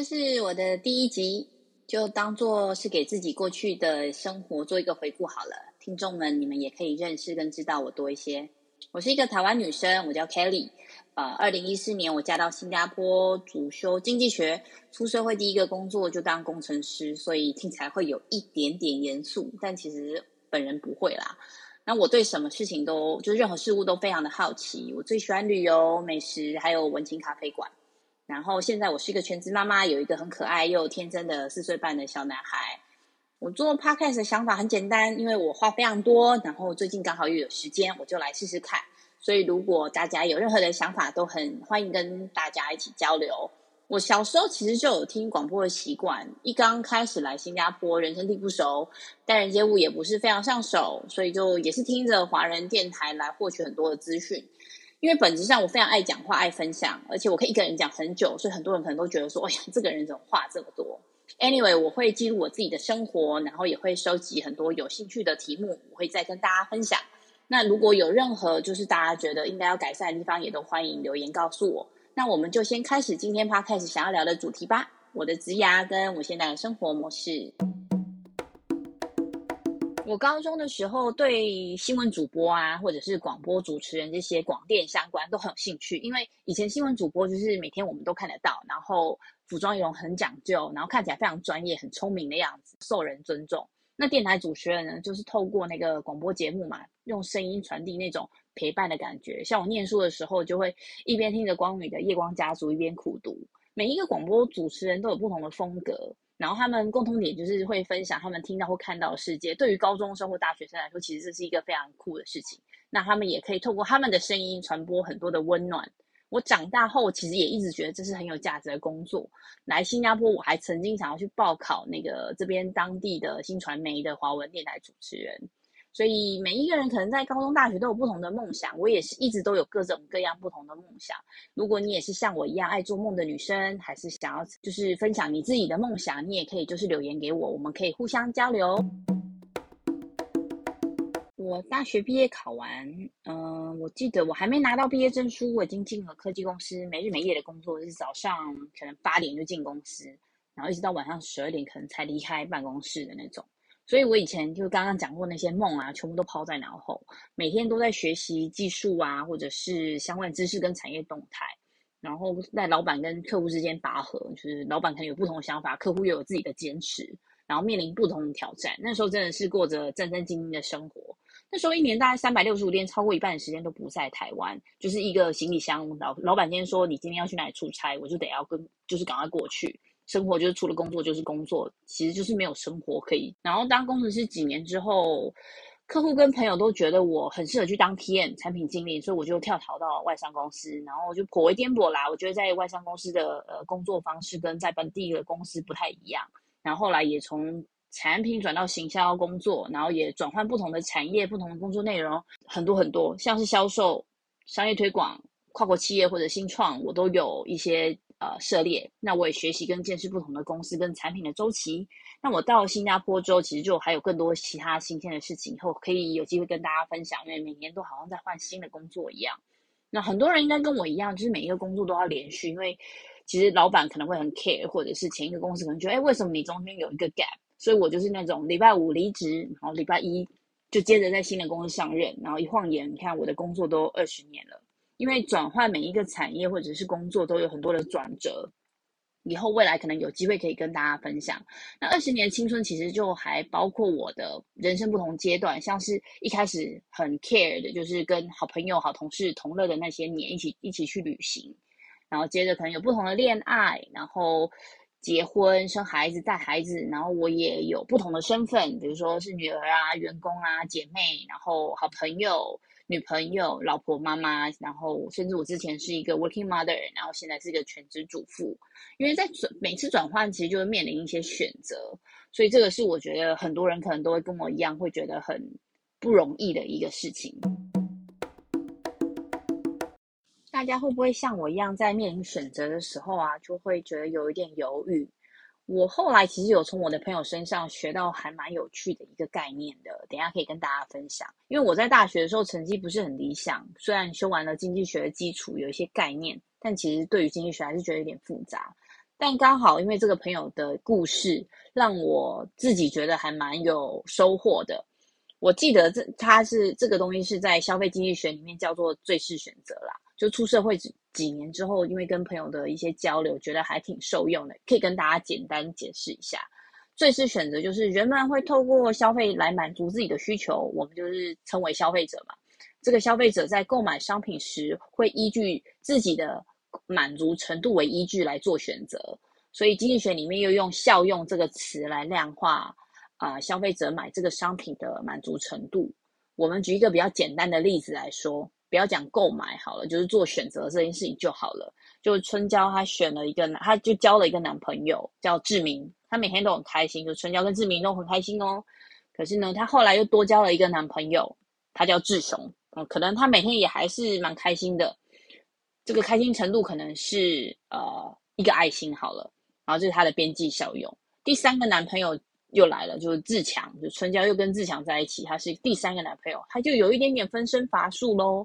這是我的第一集，就當做是給自己過去的生活做一個回顧好了。聽眾們，你們也可以認識跟知道我多一些。我是一個台灣女生，我叫 Kelly。呃，二零一四年我嫁到新加坡，主修經濟學。出社會第一個工作就當工程師，所以聽起來會有一點點嚴肅，但其實本人不會啦。那我對什麼事情都，就是任何事物都非常的好奇。我最喜歡旅遊、美食，還有文青咖啡館。然後現在我是一個全職媽媽，有一個很可愛又天真的四歲半的小男孩。我做 Podcast 的想法很簡單，因為我話非常多，然後最近剛好又有時間，我就來試試看。所以如果大家有任何的想法，都很歡迎跟大家一起交流。我小時候其實就有聽廣播的習慣，一剛開始來新加坡，人生地不熟，待人接物也不是非常上手，所以就也是聽着華人電台來獲取很多的資訊。因為本質上我非常愛講話、愛分享，而且我可以一個人講很久，所以很多人可能都覺得說：“哎呀，這個人怎麼話這麼多？” Anyway，我會記錄我自己的生活，然後也會收集很多有興趣的題目，我會再跟大家分享。那如果有任何就是大家覺得應該要改善的地方，也都歡迎留言告訴我。那我們就先開始今天 podcast 想要聊的主題吧，我的職涯跟我現在的生活模式。我高中的時候對新聞主播啊，或者是廣播主持人這些廣電相關都很有興趣，因為以前新聞主播就是每天我們都看得到，然後服裝也很講究，然後看起來非常專業、很聰明的樣子，受人尊重。那電台主持人呢，就是透過那個廣播節目嘛，用聲音傳遞那種陪伴的感覺。像我念書的時候，就會一邊聽着光禹的《夜光家族》一邊苦讀。每一個廣播主持人都有不同的風格。然後他們共同點就是會分享他們聽到或看到的世界。對於高中生或大學生來說，其實這是一個非常酷的事情。那他們也可以透過他們的聲音傳播很多的溫暖。我長大後其實也一直覺得這是很有價值的工作。來新加坡，我還曾經想要去報考那個這邊當地的新傳媒的華文電台主持人。所以每一個人可能在高中、大學都有不同的夢想，我也是一直都有各種各樣不同的夢想。如果你也是像我一樣愛做夢的女生，還是想要就是分享你自己的夢想，你也可以就是留言給我，我們可以互相交流。我大學畢業考完，嗯、呃，我記得我還沒拿到畢業證書，我已經進了科技公司，沒日沒夜的工作，就是早上可能八點就進公司，然後一直到晚上十二點可能才離開辦公室的那種。所以，我以前就剛剛講過那些夢啊，全部都拋在腦後。每天都在學習技術啊，或者是相關知識跟產業動態，然後在老板跟客戶之間拔河，就是老板可能有不同的想法，客戶又有自己的堅持，然後面臨不同的挑戰。那時候真的是過着戰戰兢兢的生活。那時候一年大概三百六十五天，超過一半的時間都不在台灣，就是一個行李箱。老老板今天說你今天要去哪裡出差，我就得要跟，就是趕快過去。生活就是除了工作就是工作，其實就是沒有生活可以。然後當工程師幾年之後，客戶跟朋友都覺得我很適合去當 PM 產品經理，所以我就跳槽到外商公司，然後我就頗為顛簸啦啊。我覺得在外商公司的呃工作方式跟在本地的公司不太一樣。然後後來也從產品轉到行銷工作，然後也轉換不同的產業、不同的工作內容，很多很多，像是銷售、商業推廣、跨國企業或者新創，我都有一些。呃，涉獵，那我也學習跟見識不同的公司跟產品的周期。那我到新加坡之後，其實就還有更多其他新鮮的事情，以後可以有機會跟大家分享。因為每年都好像在換新的工作一樣。那很多人應該跟我一樣，就是每一個工作都要連續，因為其實老板可能會很 care，或者是前一個公司可能覺得，哎，為什麼你中間有一個 gap？所以我就是那種禮拜五離職，然後禮拜一就接着在新的公司上任，然後一晃眼，你看我的工作都二十年了。因為轉換每一個產業或者是工作都有很多的轉折，以後未來可能有機會可以跟大家分享。那二十年的青春其實就還包括我的人生不同階段，像是一開始很 care 的，就是跟好朋友、好同事同樂的那些年，一起一起去旅行，然後接着可能有不同的戀愛，然後結婚、生孩子、帶孩子，然後我也有不同的身份，比如說是女兒啊、員工啊、姐妹，然後好朋友。女朋友、老婆、媽媽，然後甚至我之前是一個 working mother，然後現在是一個全職主婦。因為在轉每次轉換，其實就會面臨一些選擇，所以這個是我覺得很多人可能都會跟我一樣，會覺得很不容易的一個事情。大家會不會像我一樣，在面臨選擇的時候啊，就會覺得有一點猶豫？我後來其實有從我的朋友身上學到還蠻有趣的一個概念的，等下可以跟大家分享。因為我在大學的時候成績不是很理想，雖然修完了經濟學的基礎，有一些概念，但其實對於經濟學還是覺得有點複雜。但剛好因為這個朋友的故事，讓我自己覺得還蠻有收穫的。我記得這它是這個東西是在消費經濟學裡面叫做“最適選擇”啦。就出社會幾幾年之後，因為跟朋友的一些交流，覺得還挺受用的，可以跟大家簡單解釋一下。最適選擇就是，人們會透過消費來滿足自己的需求，我們就是稱為消費者嘛。這個消費者在購買商品時，會依據自己的滿足程度為依據來做選擇。所以經濟學裡面又用效用這個詞來量化啊，消費者買這個商品的滿足程度。我們舉一個比較簡單的例子來說。不要講購買好了，就是做選擇這件事情就好了。就是春嬌她選了一個，他她就交了一個男朋友，叫志明，她每天都很開心。就春嬌跟志明都很開心哦。可是呢，她後來又多交了一個男朋友，他叫志雄。嗯、呃，可能他每天也還是蠻開心的。這個開心程度可能是呃一個愛心好了，然後這是他的邊際效用。第三個男朋友，又來了，就是志強，就春嬌又跟志強在一起，他是第三個男朋友，他就有一點點分身乏術嘍，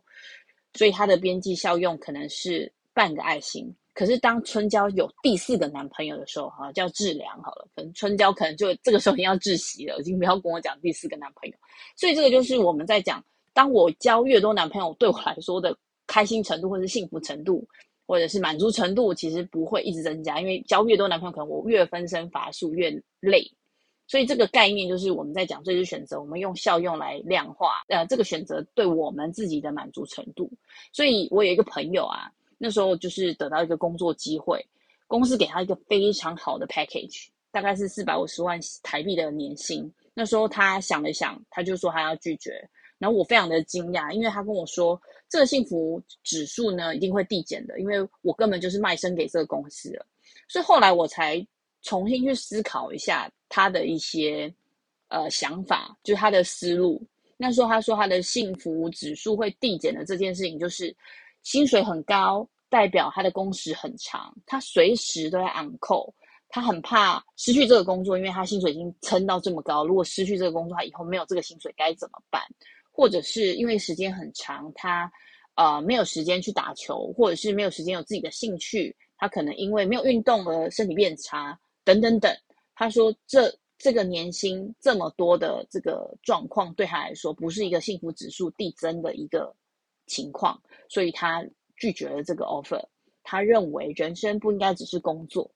所以他的邊際效用可能是半個愛心。可是當春嬌有第四個男朋友的時候，哈、啊，叫志良好了，可能春嬌可能就這個時候你要窒息了，已經不要跟我講第四個男朋友。所以這個就是我們在講，當我交越多男朋友，對我來說的開心程度，或是幸福程度，或者是滿足程度，其實不會一直增加，因為交越多男朋友，可能我越分身乏術，越累。所以這個概念就是我們在講這些選擇，我們用效用來量化，呃，這個選擇對我們自己的滿足程度。所以，我有一個朋友啊，那時候就是得到一個工作機會，公司給他一個非常好的 package，大概是四百五十萬台幣的年薪。那時候他想了想，他就說他要拒絕。然後我非常的驚訝，因為他跟我說這個幸福指數呢，一定會遞減的，因為我根本就是賣身給這個公司了。所以後來我才。重新去思考一下他的一些呃想法，就是他的思路。那時候他說他的幸福指數會遞減的這件事情，就是薪水很高代表他的工時很長，他隨時都在 on call，他很怕失去這個工作，因為他薪水已經撐到這麼高，如果失去這個工作，他以後沒有這個薪水該怎麼辦？或者是因為時間很長，他呃沒有時間去打球，或者是沒有時間有自己的興趣，他可能因為沒有運動而身體變差。等等等，他說這這個年薪這麼多的這個狀況對他來說不是一個幸福指數遞增的一個情況，所以他拒絕了這個 offer。他認為人生不應該只是工作。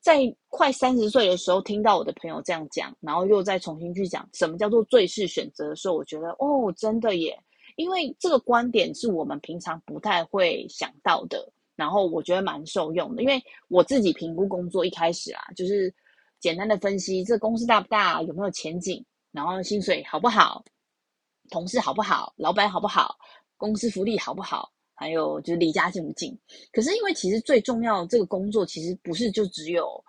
在快三十歲的時候，聽到我的朋友這樣講，然後又再重新去講什麼叫做最適選擇的時候，我覺得哦，真的耶，因為這個觀點是我們平常不太會想到的。然後我覺得蠻受用的，因為我自己評估工作一開始啊，就是簡單的分析這公司大不大，有沒有前景，然後薪水好不好，同事好不好，老闆好不好，公司福利好不好，還有就是離家近不近。可是因為其實最重要的這個工作，其實不是就只有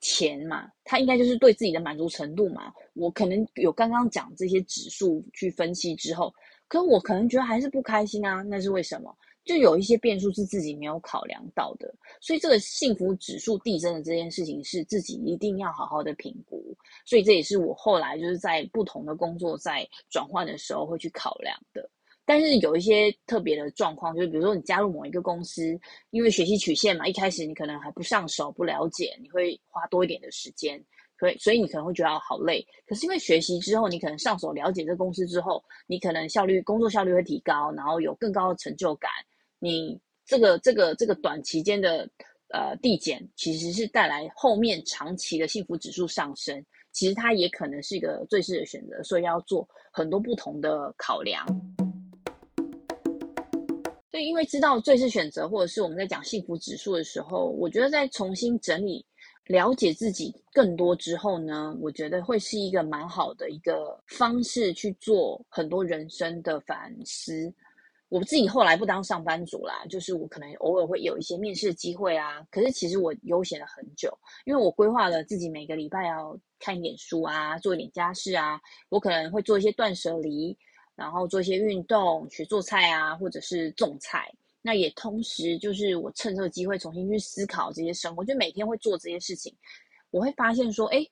錢嘛，它應該就是對自己的滿足程度嘛。我可能有剛剛講這些指數去分析之後，可我可能覺得還是不開心啊，那是為什麼？就有一些變數是自己沒有考量到的，所以這個幸福指數遞增的這件事情是自己一定要好好的評估。所以這也是我後來就是在不同的工作在轉換的時候會去考量的。但是有一些特別的狀況，就是比如說你加入某一個公司，因為學習曲線嘛，一開始你可能還不上手，不了解，你會花多一點的時間，所以所以你可能會覺得好累。可是因為學習之後，你可能上手了解這個公司之後，你可能效率，工作效率會提高，然後有更高的成就感。你這個這個這個短期間的呃遞減，其實是帶來後面長期的幸福指數上升。其實它也可能是一個最適的選擇，所以要做很多不同的考量。所、嗯、對、因為知道最適選擇，或者是我們在講幸福指數的時候，我覺得在重新整理、了解自己更多之後呢，我覺得會是一個蠻好的一個方式去做很多人生的反思。我自己後來不當上班族啦，就是我可能偶爾會有一些面試的機會啊，可是其實我悠閒了很久，因為我規劃了自己每個禮拜要看一點書啊，做一點家事啊，我可能會做一些斷捨離，然後做一些運動，學做菜啊，或者是種菜。那也同時就是我趁這個機會重新去思考這些生活，就每天會做這些事情，我會發現說，哎。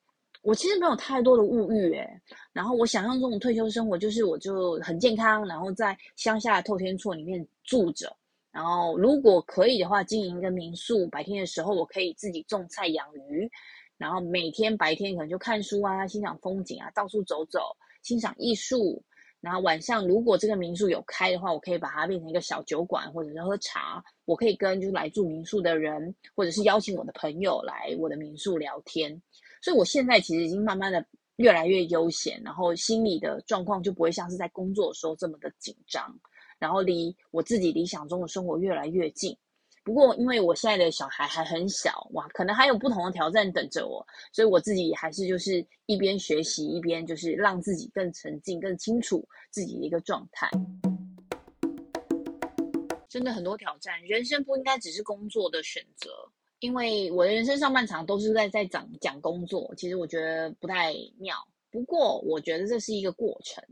我其實沒有太多的物慾誒，然後我想象中的退休生活就是我就很健康，然後在鄉下的透天厝裡面住着，然後如果可以的話，經營一個民宿。白天的時候，我可以自己種菜養魚，然後每天白天可能就看書啊，欣賞風景啊，到處走走，欣賞藝術。然後晚上，如果這個民宿有開的話，我可以把它變成一個小酒館，或者是喝茶。我可以跟就是來住民宿的人，或者是邀請我的朋友來我的民宿聊天。所以，我現在其實已經慢慢的越來越悠閒，然後心裡的狀況就不會像是在工作的時候這麼的緊張，然後離我自己理想中的生活越來越近。不過，因為我現在的小孩還很小，哇，可能還有不同的挑戰等着我，所以我自己還是就是一邊學習，一邊就是讓自己更沉靜、更清楚自己的一個狀態。真的很多挑戰，人生不應該只是工作的選擇。因為我的人生上半場都是在在講講工作，其實我覺得不太妙。不過我覺得這是一個過程，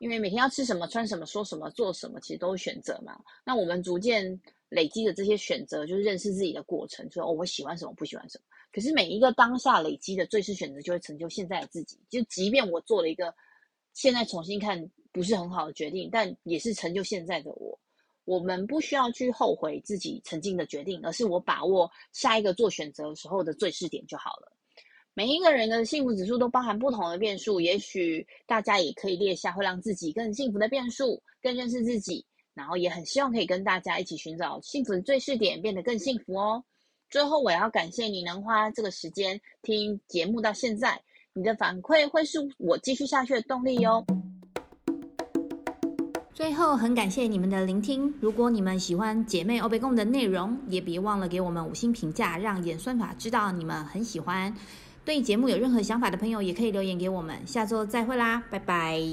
因為每天要吃什麼、穿什麼、說什麼、做什麼，其實都是選擇嘛。那我們逐漸累積的這些選擇，就是認識自己的過程，就說哦，我喜歡什麼，不喜歡什麼。可是每一個當下累積的最適選擇，就會成就現在的自己。就即便我做了一個現在重新看不是很好的決定，但也是成就現在的我。我們不需要去後悔自己曾經的決定，而是我把握下一個做選擇的時候的最適點就好了。每一個人的幸福指數都包含不同的變數，也許大家也可以列下會讓自己更幸福的變數，更認識自己。然後也很希望可以跟大家一起尋找幸福的最適點，變得更幸福哦。最後，我要感謝你能花這個時間聽節目到現在，你的反饋會是我繼續下去的動力喲。最後，很感謝你們的聆聽。如果你們喜歡姐妹歐北共的內容，也別忘了給我們五星評價，讓演算法知道你們很喜歡。對節目有任何想法的朋友，也可以留言給我們。下周再會啦，拜拜。